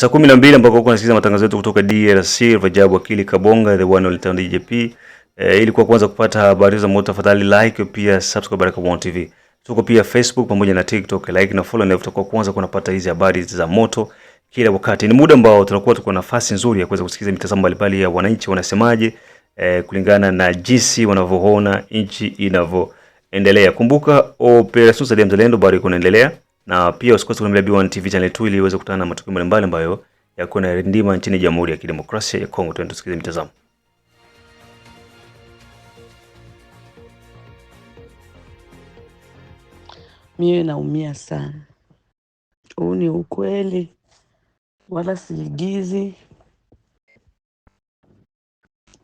saa kumi na mbili ambako uko nasikiza matangazo yetu kutoka DRC. Rajabu Akili Kabonga the one only town DJP. E, ili kwa kwanza kupata habari za moto tafadhali like pia subscribe Baraka One TV. Tuko pia Facebook pamoja na TikTok, like na follow, na utakuwa kwanza kunapata hizi habari za moto kila wakati. Ni muda ambao tunakuwa tuko nafasi nzuri ya kuweza kusikiliza mitazamo mbalimbali ya wananchi wanasemaje, eh, kulingana na jinsi wanavyoona nchi inavyoendelea. Kumbuka operesheni za Mzalendo bado iko inaendelea na pia usikose kuangalia B1 TV channel 2 ili uweze kukutana na matukio mbalimbali ambayo yako na rindima nchini Jamhuri ya Kidemokrasia ya Kongo. Twende tusikilize mitazamo. Mie naumia sana, huu ni ukweli wala siigizi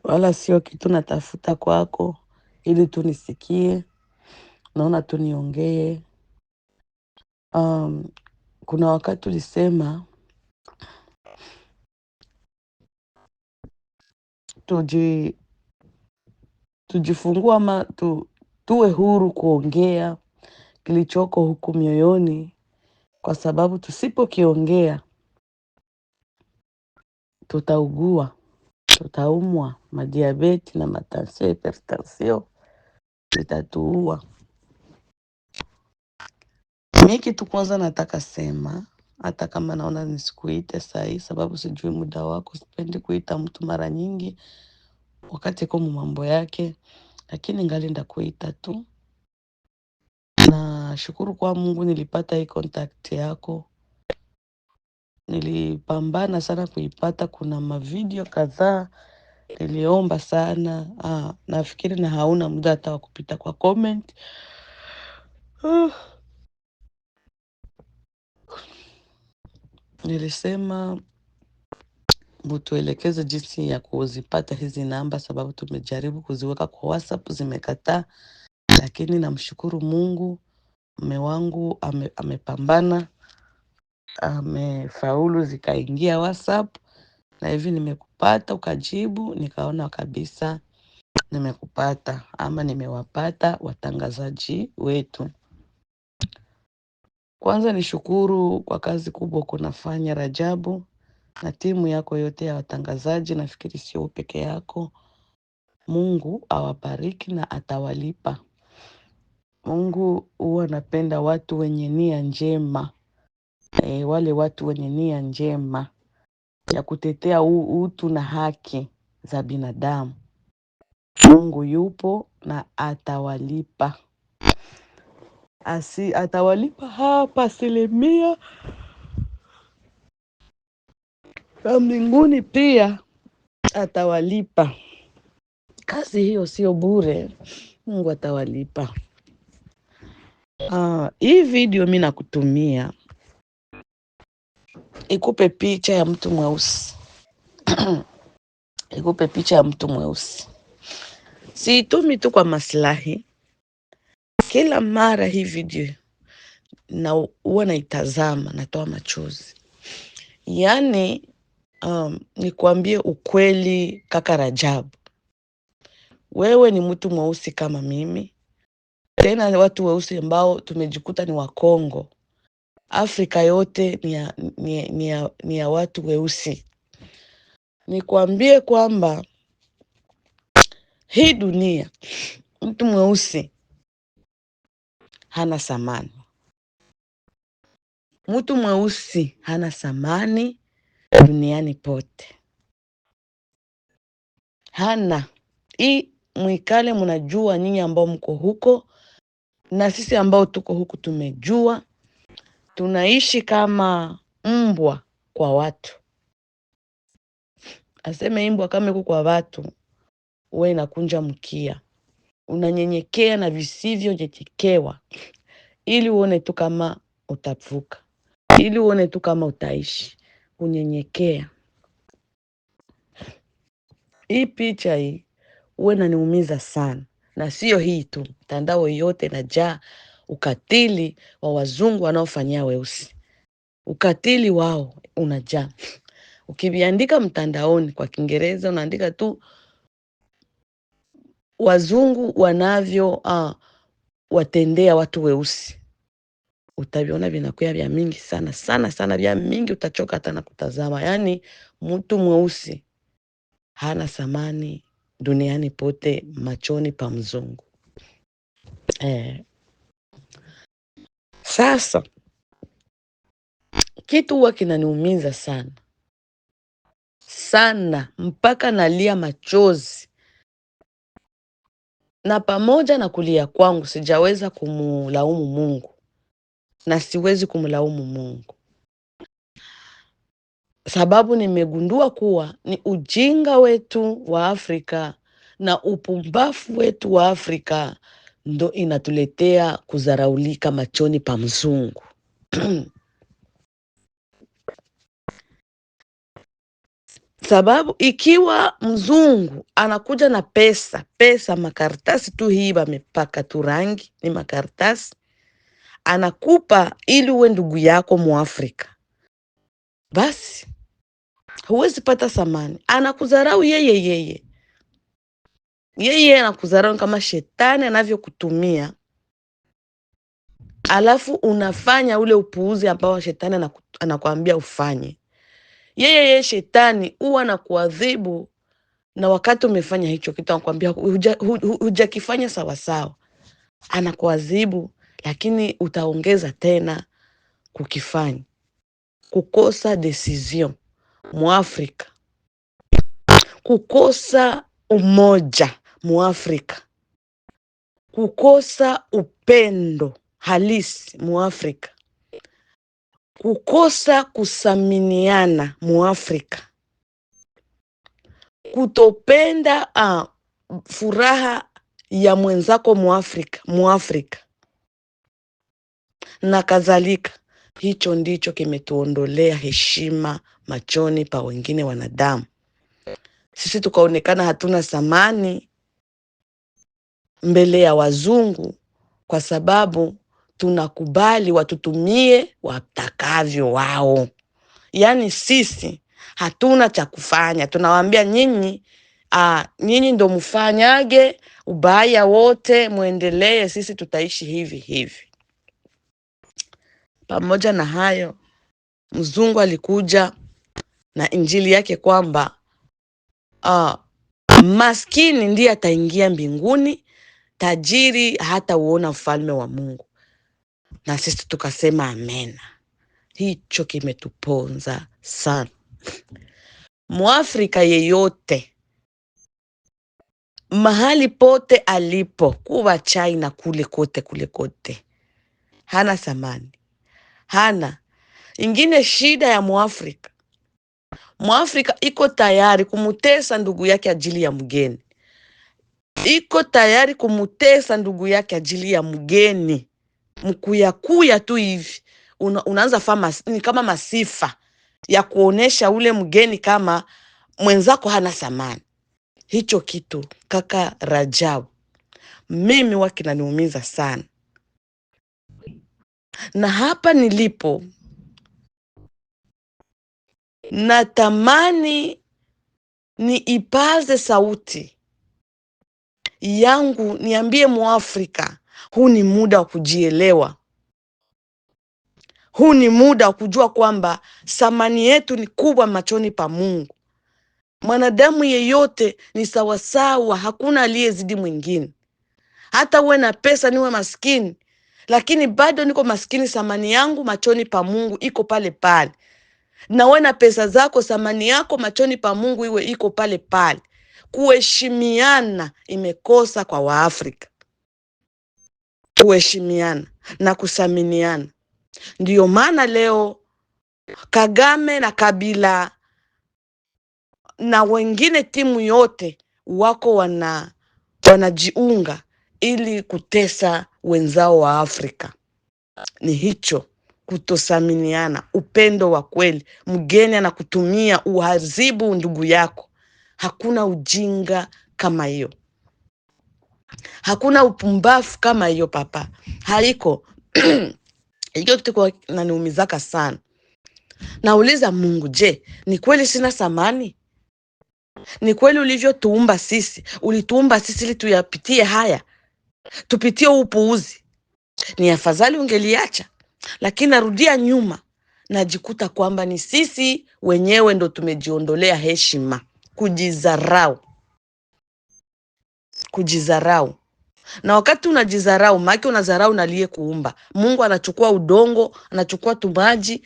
wala sio kitu natafuta kwako ili tunisikie, naona tuniongee Um, kuna wakati tulisema tuji tujifungua ama tu, tuwe huru kuongea kilichoko huku mioyoni, kwa sababu tusipokiongea tutaugua, tutaumwa, madiabeti na matansio, hipertansio zitatuua. Mi kitu kwanza nataka sema, hata kama naona nisikuite sahii, sababu sijui muda wako, sipendi kuita mtu mara nyingi wakati ko mu mambo yake, lakini ngali ndakuita tu. Nashukuru kwa Mungu nilipata hii kontakti yako, nilipambana sana kuipata. Kuna mavideo kadhaa niliomba sana. Ah, nafikiri na hauna muda hata wa kupita kwa comment. Ah. Nilisema mutuelekeze jinsi ya kuzipata hizi namba, sababu tumejaribu kuziweka kwa WhatsApp zimekataa, lakini namshukuru Mungu, mme wangu ame, amepambana amefaulu, zikaingia WhatsApp na hivi nimekupata, ukajibu, nikaona kabisa nimekupata ama nimewapata watangazaji wetu. Kwanza ni shukuru kwa kazi kubwa kunafanya Rajabu na timu yako yote ya watangazaji, nafikiri sio peke yako. Mungu awabariki na atawalipa. Mungu huwa anapenda watu wenye nia njema. E, wale watu wenye nia njema ya kutetea utu na haki za binadamu. Mungu yupo na atawalipa asi, atawalipa hapa asilimia na mbinguni pia atawalipa. Kazi hiyo sio bure, Mungu atawalipa. Uh, hii video mi nakutumia ikupe picha ya mtu mweusi ikupe picha ya mtu mweusi. Siitumi tu kwa maslahi kila mara hii video na huwa naitazama, natoa machozi yaani. Um, nikuambie ukweli kaka Rajabu, wewe ni mtu mweusi kama mimi, tena watu weusi ambao tumejikuta ni Wakongo. Afrika yote ni ya, ni ya, ni ya, ni ya watu weusi. Nikuambie kwamba hii dunia mtu mweusi hana samani, mtu mweusi hana samani duniani pote, hana hii. Mwikale mnajua nyinyi ambao mko huko na sisi ambao tuko huku tumejua, tunaishi kama mbwa kwa watu. Aseme mbwa kama iko kwa watu, uwe inakunja mkia unanyenyekea na visivyonyenyekewa, ili uone tu kama utavuka, ili uone tu kama utaishi. Unyenyekea. Hii picha hii uwe naniumiza sana, na sio hii tu, mtandao yote najaa ukatili wa wazungu wanaofanyia weusi. Ukatili wao unajaa. Ukiviandika mtandaoni kwa Kiingereza unaandika tu wazungu wanavyo uh, watendea watu weusi, utaviona vinakuwa vya mingi sana sana sana, vya mingi, utachoka hata na kutazama. Yaani mtu mweusi hana samani duniani pote machoni pa mzungu eh. Sasa kitu huwa kinaniumiza sana sana, mpaka nalia machozi na pamoja na kulia kwangu sijaweza kumlaumu Mungu na siwezi kumlaumu Mungu, sababu nimegundua kuwa ni ujinga wetu wa Afrika na upumbafu wetu wa Afrika ndo inatuletea kuzaraulika machoni pa mzungu sababu ikiwa mzungu anakuja na pesa pesa, makaratasi tu, hii bamepaka tu rangi, ni makaratasi anakupa ili uwe ndugu yako Muafrika, basi huwezi pata samani Anakudharau yeye yeye yeye, anakudharau kama shetani anavyokutumia, alafu unafanya ule upuuzi ambao shetani anakuambia ufanye. Yeye yeye shetani huwa na kuadhibu, na wakati umefanya hicho kitu anakuambia hujakifanya sawasawa, anakuadhibu, lakini utaongeza tena kukifanya. Kukosa decision Muafrika, kukosa umoja Muafrika, kukosa upendo halisi Muafrika kukosa kusaminiana muafrika kutopenda uh, furaha ya mwenzako muafrika muafrika na kadhalika. Hicho ndicho kimetuondolea heshima machoni pa wengine wanadamu, sisi tukaonekana hatuna thamani mbele ya wazungu kwa sababu tunakubali watutumie watakavyo wao. Yaani sisi hatuna cha kufanya, tunawaambia nyinyi, nyinyi ndo mfanyage ubaya wote, mwendelee, sisi tutaishi hivi hivi. Pamoja na hayo, mzungu alikuja na injili yake kwamba uh, maskini ndiye ataingia mbinguni, tajiri hata uona ufalme wa Mungu na sisi tukasema amena. Hicho kimetuponza sana. Mwafrika yeyote mahali pote alipo kuwa China kule kote kule kote hana samani hana ingine. Shida ya Mwafrika, Mwafrika iko tayari kumutesa ndugu yake ajili ya mgeni, iko tayari kumutesa ndugu yake ajili ya mgeni mkuyakuya tu hivi una, unaanza faa mas, ni kama masifa ya kuonesha ule mgeni kama mwenzako hana samani Hicho kitu kaka Rajabu, mimi wa kinaniumiza sana, na hapa nilipo natamani ipaze sauti yangu niambie Mwafrika huu ni muda wa kujielewa. Huu ni muda wa kujua kwamba thamani yetu ni kubwa machoni pa Mungu. Mwanadamu yeyote ni sawasawa, hakuna aliyezidi mwingine. Hata uwe na pesa, niwe maskini, lakini bado niko maskini. Thamani yangu machoni pa Mungu iko pale pale. Nawe na pesa zako, thamani yako machoni pa Mungu iwe iko pale pale. Kuheshimiana imekosa kwa Waafrika kuheshimiana na kusaminiana. Ndiyo maana leo Kagame na Kabila na wengine timu yote wako wana wanajiunga ili kutesa wenzao wa Afrika. Ni hicho kutosaminiana, upendo wa kweli. Mgeni anakutumia uharibu ndugu yako. Hakuna ujinga kama hiyo. Hakuna upumbavu kama hiyo papa, haliko hiyo kitu kwa naniumizaka sana. Nauliza Mungu, je, ni kweli sina samani? Ni kweli ulivyotuumba sisi, ulituumba sisi ili tuyapitie haya, tupitie upuuzi? Ni afadhali ungeliacha, lakini narudia nyuma, najikuta kwamba ni sisi wenyewe ndo tumejiondolea heshima, kujizarau kujizarau na wakati unajizarau, maki unazarau na kuumba. Mungu anachukua udongo, anachukua tumaji,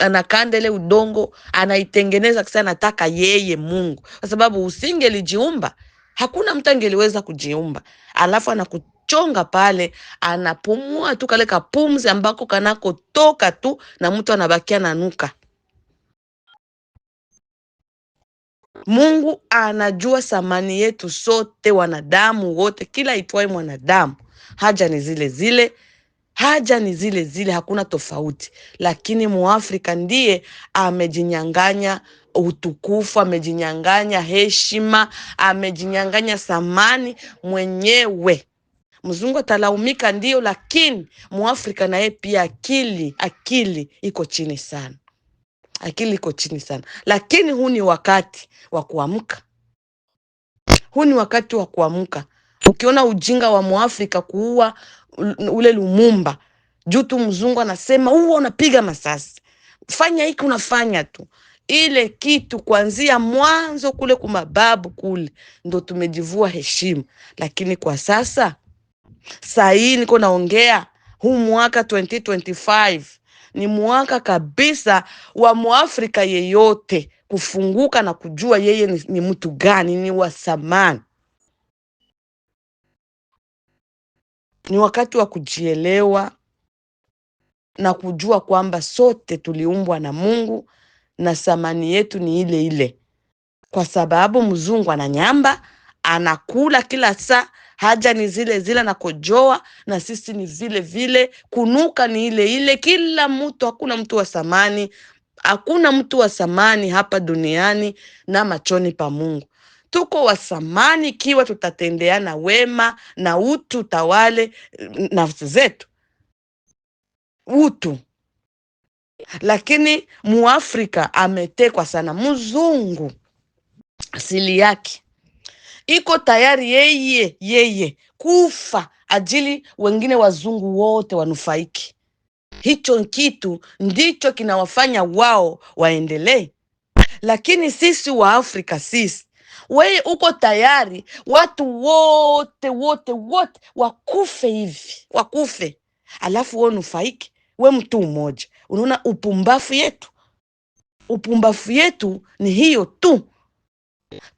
anakanda ile udongo, anaitengeneza kisa, nataka yeye Mungu, kwa sababu usingelijiumba hakuna mtu angeliweza kujiumba. Alafu anakuchonga pale, anapumua tu kale kapumzi ambako kanakotoka tu, na mtu anabakia nanuka Mungu anajua thamani yetu sote, wanadamu wote, kila itwaye mwanadamu. Haja ni zile zile, haja ni zile zile, hakuna tofauti. Lakini Muafrika ndiye amejinyang'anya utukufu, amejinyang'anya heshima, amejinyang'anya thamani mwenyewe. Mzungu atalaumika, ndio lakini Muafrika naye pia akili, akili iko chini sana akili iko chini sana, lakini huu ni wakati wa kuamka. Huu ni wakati wa kuamka. Ukiona ujinga wa Mwafrika kuua ule Lumumba juu tu mzungu anasema huwa unapiga masasi, fanya hiki, unafanya tu ile kitu kuanzia mwanzo kule kumababu kule ndo tumejivua heshima, lakini kwa sasa saa hii niko naongea huu mwaka 2025 ni mwaka kabisa wa Mwafrika yeyote kufunguka na kujua yeye ni, ni mtu gani, ni wa samani Ni wakati wa kujielewa na kujua kwamba sote tuliumbwa na Mungu na samani yetu ni ile ile, kwa sababu mzungu ananyamba, anakula kila saa, haja ni zile zile, na kojoa na sisi ni vile vile, kunuka ni ile ile. Kila mtu, hakuna mtu wa samani, hakuna mtu wa samani hapa duniani na machoni pa Mungu tuko wasamani ikiwa tutatendeana wema na utu tawale mm, nafsi zetu utu. Lakini muafrika ametekwa sana, mzungu asili yake iko tayari yeye yeye kufa ajili wengine wazungu wote wanufaiki. Hicho kitu ndicho kinawafanya wao waendelee, lakini sisi wa Afrika sisi wewe uko tayari watu wote wote wote wakufe hivi wakufe, alafu we unufaiki? we mtu mmoja. Unaona upumbafu yetu, upumbafu yetu ni hiyo tu.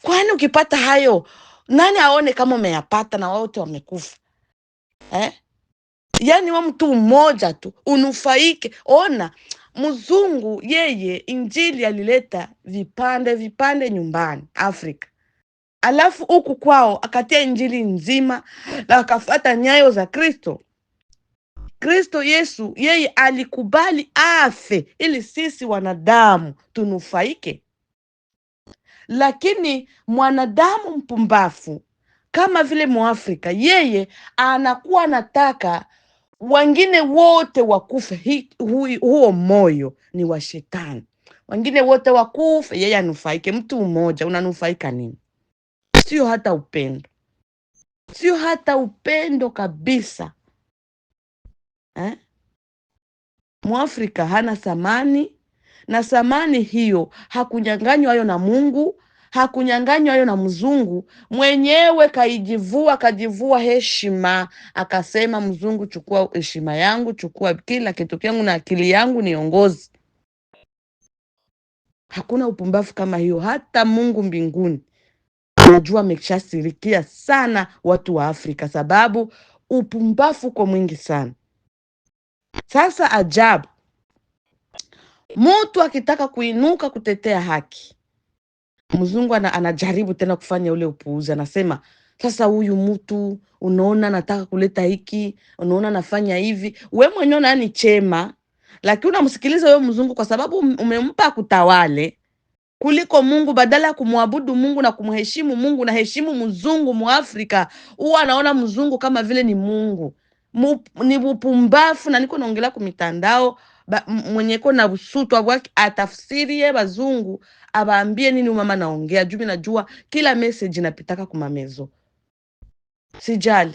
Kwani ukipata hayo nani aone kama umeyapata na wote wamekufa eh? Yaani wa mtu mmoja tu unufaike. Ona mzungu yeye, injili alileta vipande vipande nyumbani Afrika, alafu huku kwao akatia injili nzima na akafata nyayo za Kristo. Kristo Yesu yeye alikubali afe ili sisi wanadamu tunufaike. Lakini mwanadamu mpumbafu kama vile Mwafrika, yeye anakuwa anataka wengine wote wakufe. Huo moyo ni wa shetani, wengine wote wakufe, yeye anufaike. Mtu mmoja unanufaika nini? Sio hata upendo, sio hata upendo kabisa eh? Mwafrika hana thamani na samani hiyo hakunyang'anywa hayo na Mungu, hakunyang'anywa hayo na mzungu. Mwenyewe kaijivua, kajivua heshima, akasema, mzungu, chukua heshima yangu, chukua kila kitu kyangu na akili yangu niongozi. Hakuna upumbavu kama hiyo. Hata Mungu mbinguni anajua ameshasirikia sana watu wa Afrika, sababu upumbavu uko mwingi sana. Sasa ajabu Mtu akitaka kuinuka kutetea haki, mzungu ana, anajaribu tena kufanya ule upuuzi, anasema sasa huyu mtu unaona, nataka kuleta hiki, unaona nafanya hivi. We mwenyewe nani chema, lakini unamsikiliza huyo mzungu kwa sababu umempa kutawale kuliko Mungu. Badala ya kumwabudu Mungu na kumheshimu Mungu, na heshimu mzungu. Muafrika huwa anaona mzungu kama vile ni Mungu mu, ni upumbafu. Na niko naongelea kumitandao mwenye mwenyeko na busutwa bwake atafsirie bazungu abaambie nini umama naongea juu minajua kila message napitaka kumamezo sijali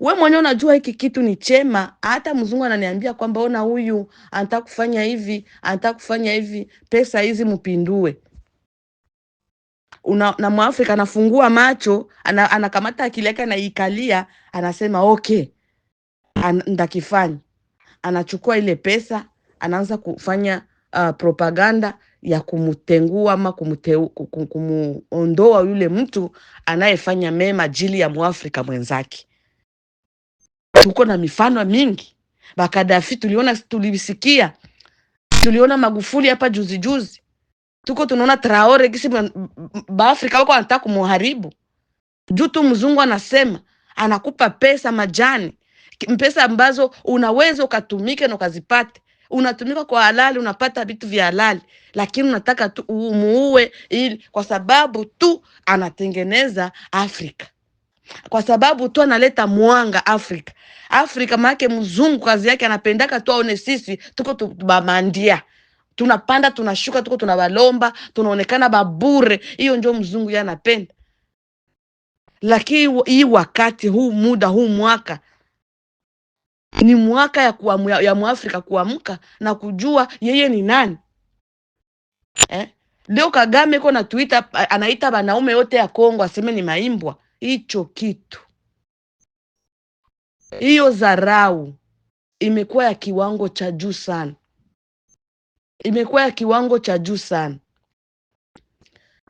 we mwenye unajua hiki kitu ni chema. Hata mzungu ananiambia kwamba ona, huyu anataka kufanya hivi, anataka kufanya hivi, pesa hizi mpindue. Una, na Mwafrika anafungua macho, anakamata ana akili yake, anaikalia, anasema okay, ndakifanya anachukua ile pesa anaanza kufanya uh, propaganda ya kumtengua ama kumuondoa yule mtu anayefanya mema ajili ya Mwafrika mwenzake. Tuko na mifano mingi, Bakadafi tuliona, tulisikia, tuliona Magufuli hapa juzi juzi, tuko tunaona Traore kisi Baafrika wako wanataka kumuharibu juu tu mzungu anasema anakupa pesa majani pesa ambazo unaweza ukatumike na ukazipate unatumika kwa halali, unapata vitu vya halali, lakini unataka tu umuue, ili kwa sababu tu anatengeneza Afrika, kwa sababu tu analeta mwanga Afrika. Afrika maake mzungu kazi yake anapendaka tu aone sisi tuko tubamandia, tunapanda tunashuka, tuko tunawalomba, tunaonekana babure. Hiyo njo mzungu yeye anapenda, lakini hii wakati huu, muda huu, mwaka ni mwaka ya, kuamu, ya, ya Mwafrika kuamka na kujua yeye ni nani eh? Leo Kagame ko na Twitter anaita wanaume yote ya Kongo aseme ni maimbwa. Hicho kitu, hiyo zarau imekuwa ya kiwango cha juu sana, imekuwa ya kiwango cha juu sana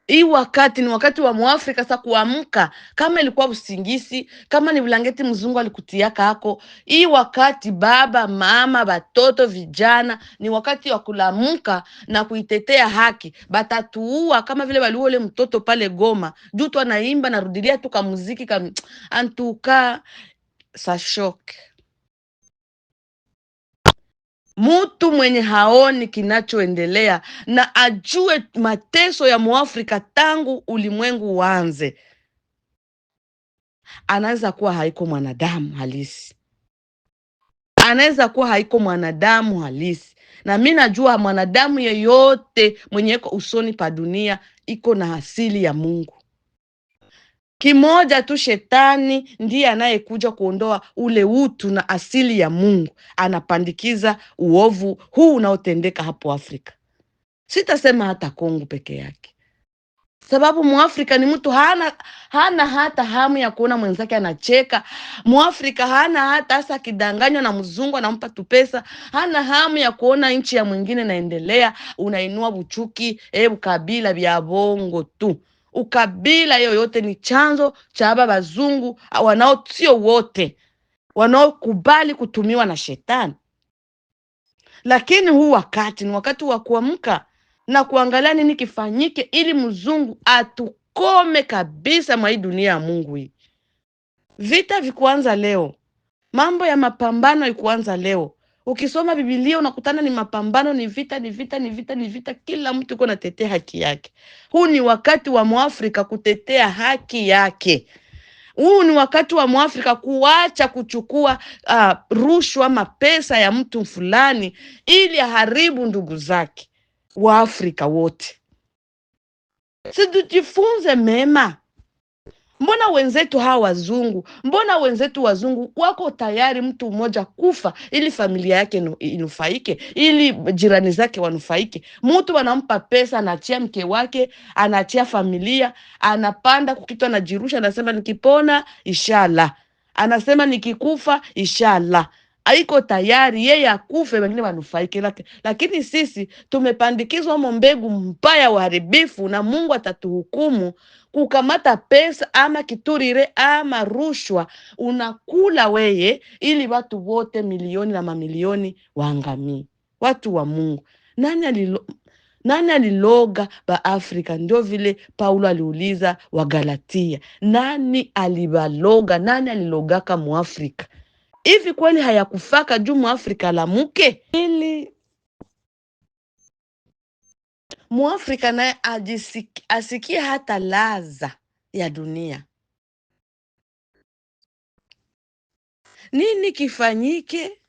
hii wakati ni wakati wa Mwafrika sa kuamka. Kama ilikuwa usingisi, kama ni vulangeti mzungu alikutia kako, hii wakati baba, mama, batoto, vijana, ni wakati wa kulamuka na kuitetea haki. Batatuua kama vile waliuole mtoto pale Goma juu tu anaimba, narudilia tu kamuziki kam antuka sashok Mutu mwenye haoni kinachoendelea na ajue mateso ya Mwafrika tangu ulimwengu uanze, anaweza kuwa haiko mwanadamu halisi, anaweza kuwa haiko mwanadamu halisi. Na mi najua mwanadamu yeyote mwenye iko usoni pa dunia iko na asili ya Mungu kimoja tu, shetani ndiye anayekuja kuondoa ule utu na asili ya Mungu, anapandikiza uovu huu unaotendeka hapo Afrika. Sitasema hata Kongo peke yake, sababu Mwafrika ni mtu hana, hana hata hamu ya kuona mwenzake anacheka. Mwafrika hana hata hasa, akidanganywa na mzungu anampa tu pesa, hana hamu ya kuona nchi ya mwingine naendelea. Unainua buchuki, eh, kabila vya bongo tu ukabila yoyote ni chanzo cha baba bazungu wanao, sio wote wanaokubali kutumiwa na shetani, lakini huu wakati ni wakati wa kuamka na kuangalia nini kifanyike, ili mzungu atukome kabisa mwa hii dunia ya Mungu hii. Vita vikuanza leo, mambo ya mapambano ikuanza leo. Ukisoma Biblia unakutana ni mapambano, ni vita, ni vita, ni vita, ni vita. Kila mtu yuko natetea haki yake. Huu ni wakati wa Mwafrika kutetea haki yake. Huu ni wakati wa Mwafrika kuacha kuchukua uh, rushwa ama pesa ya mtu fulani ili aharibu ndugu zake. Waafrika wote si tujifunze mema Mbona wenzetu hawa wazungu, mbona wenzetu wazungu wako tayari mtu mmoja kufa ili familia yake inufaike, ili jirani zake wanufaike? Mtu anampa pesa, anaachia mke wake, anaachia familia, anapanda kukitu, anajirusha, anasema nikipona inshallah, anasema nikikufa inshallah aiko tayari yeye akufe, wengine wanufaike. Lakini sisi tumepandikizwa mo mbegu mbaya, uharibifu, na Mungu atatuhukumu kukamata pesa ama kiturire ama rushwa, unakula weye, ili watu wote milioni na mamilioni waangamii. Watu wa Mungu, nani alilo nani aliloga Baafrika? Ndio vile Paulo aliuliza Wagalatia, nani alibaloga? Nani alilogaka Muafrika? hivi kweli hayakufaka juu mwafrika la muke ili muafrika naye asikie hata laza ya dunia. Nini kifanyike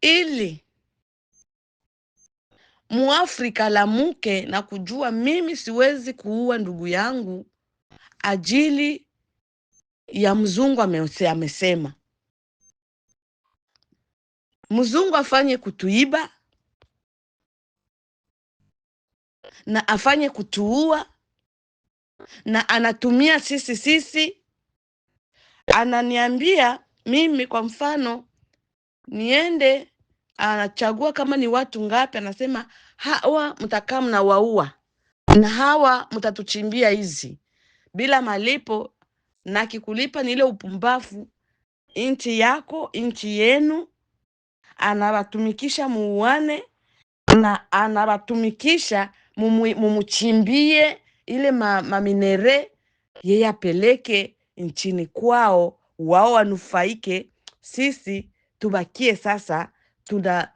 ili muafrika la muke na kujua mimi siwezi kuua ndugu yangu ajili ya mzungu amesema mzungu afanye kutuiba na afanye kutuua na anatumia sisi sisi, ananiambia mimi kwa mfano niende, anachagua kama ni watu ngapi, anasema hawa mtakaa mnawaua na hawa mtatuchimbia hizi bila malipo na akikulipa ni ile upumbavu. Inchi yako inchi yenu, anawatumikisha muuane, na anawatumikisha mumuchimbie ile maminere ma yeye apeleke nchini kwao, wao wanufaike, sisi tubakie sasa tuna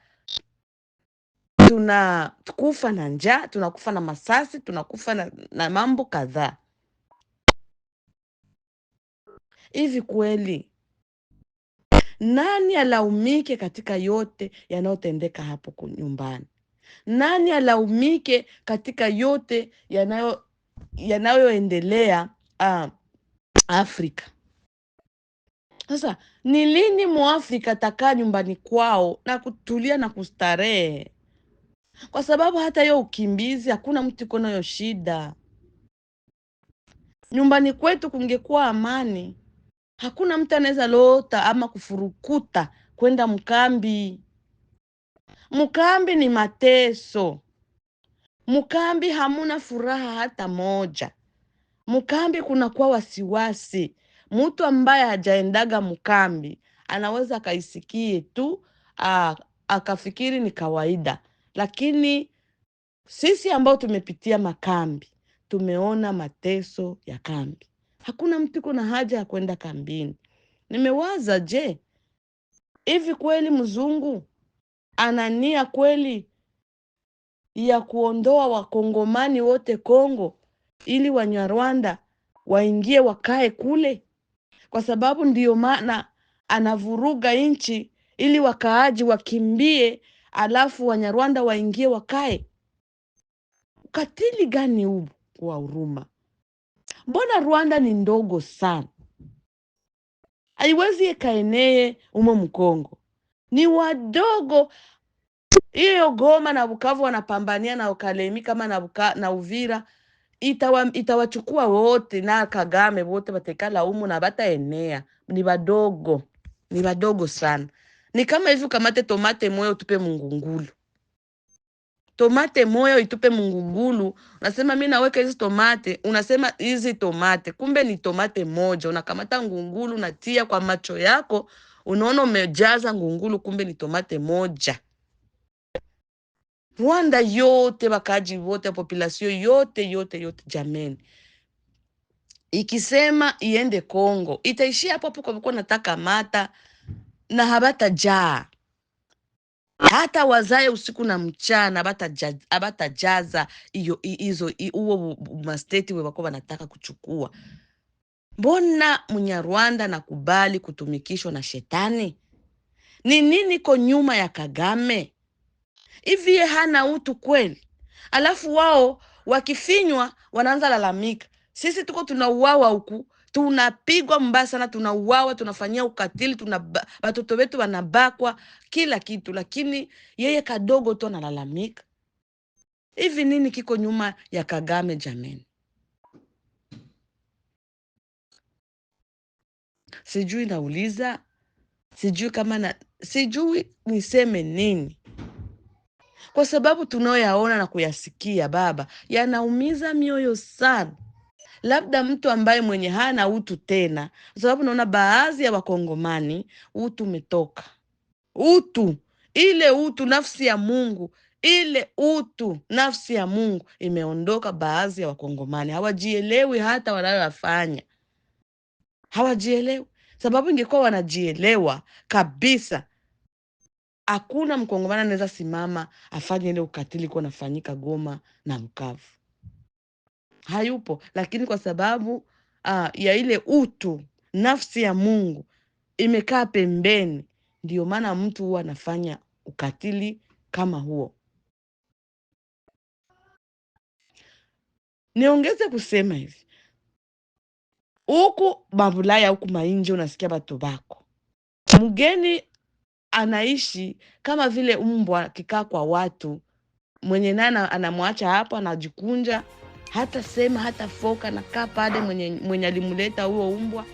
tunakufa na njaa, tunakufa na masasi, tunakufa na, na mambo kadhaa. Hivi kweli nani alaumike katika yote yanayotendeka hapo nyumbani? Nani alaumike katika yote yanayo yanayoendelea uh, Afrika? Sasa ni lini Mwafrika atakaa nyumbani kwao na kutulia na kustarehe? Kwa sababu hata hiyo ukimbizi, hakuna mtu iko nayo shida. Nyumbani kwetu kungekuwa amani hakuna mtu anaweza lota ama kufurukuta kwenda mkambi. Mkambi ni mateso, mkambi hamuna furaha hata moja. Mkambi kunakuwa wasiwasi. Mtu ambaye hajaendaga mkambi anaweza akaisikie tu a, akafikiri ni kawaida, lakini sisi ambao tumepitia makambi tumeona mateso ya kambi hakuna mtu iko na haja ya kwenda kambini. Nimewaza, je, hivi kweli mzungu ana nia kweli ya kuondoa wakongomani wote Kongo ili Wanyarwanda waingie wakae kule? Kwa sababu ndiyo maana anavuruga nchi ili wakaaji wakimbie, alafu Wanyarwanda waingie wakae. Ukatili gani huu wa huruma? mbona Rwanda ni ndogo sana, haiwezi ikaenee umo Mkongo, ni wadogo. Hiyo Goma na Bukavu wanapambania na ukalemi kama na, Buka, na Uvira itawa, itawachukua wote na Kagame wote watekala umu na bataenea, ni wadogo, ni wadogo sana. Ni kama hivi ukamate tomate moyo utupe mungungulu tomate moya itupe mungugulu, unasema mi naweka hizi tomate, unasema hizi tomate, kumbe ni tomate moja. Unakamata ngungulu unatia kwa macho yako, unaona umejaza ngungulu, kumbe ni tomate moja. Rwanda yote, bakaji wote, population yote yote yote, jameni, ikisema iende Kongo itaishia hapo hapo, kwa nataka mata na jaa hata wazaye usiku na mchana abatajaza hiyo hizo huo masteti webako wanataka kuchukua. Mbona mnyarwanda nakubali kutumikishwa na shetani? Ni nini ko nyuma ya Kagame? Hivi ye hana utu kweli? Alafu wao wakifinywa wanaanza lalamika, sisi tuko tunauawa huku tunapigwa mbaya sana, tunauawa, tunafanyia ukatili, tuna watoto wetu wanabakwa, kila kitu, lakini yeye kadogo tu analalamika. Hivi nini kiko nyuma ya Kagame jameni? Sijui nauliza, sijui kama na, sijui niseme nini, kwa sababu tunayoyaona na kuyasikia baba yanaumiza mioyo sana labda mtu ambaye mwenye hana utu tena, kwa sababu naona baadhi ya Wakongomani utu umetoka, utu ile utu nafsi ya Mungu ile utu nafsi ya Mungu imeondoka. Baadhi ya Wakongomani hawajielewi hata wanayoyafanya, hawajielewi sababu, ingekuwa wanajielewa kabisa, hakuna mkongomani anaweza simama afanye ile ukatili kuwa nafanyika Goma na Bukavu hayupo, lakini kwa sababu uh, ya ile utu nafsi ya Mungu imekaa pembeni, ndio maana mtu huwa anafanya ukatili kama huo. Niongeze kusema hivi, huku Mabulaya, huku mainje, unasikia batu bako mgeni anaishi kama vile mbwa, akikaa kwa watu mwenye naye anamwacha hapo, anajikunja hata sema hata foka na kaa pale mwenye, mwenye alimleta huo umbwa.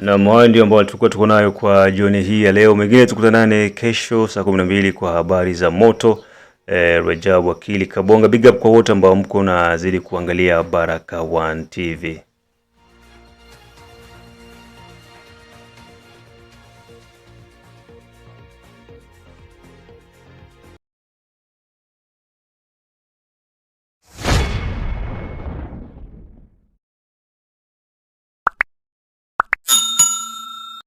Na hayo ndio ambayo tulikuwa tuko nayo kwa jioni hii ya leo. Mengine tukutanane kesho saa 12 kwa habari za moto. Eh, Rajab Wakili Kabonga, big up kwa wote ambao mko nazidi kuangalia Baraka1 TV.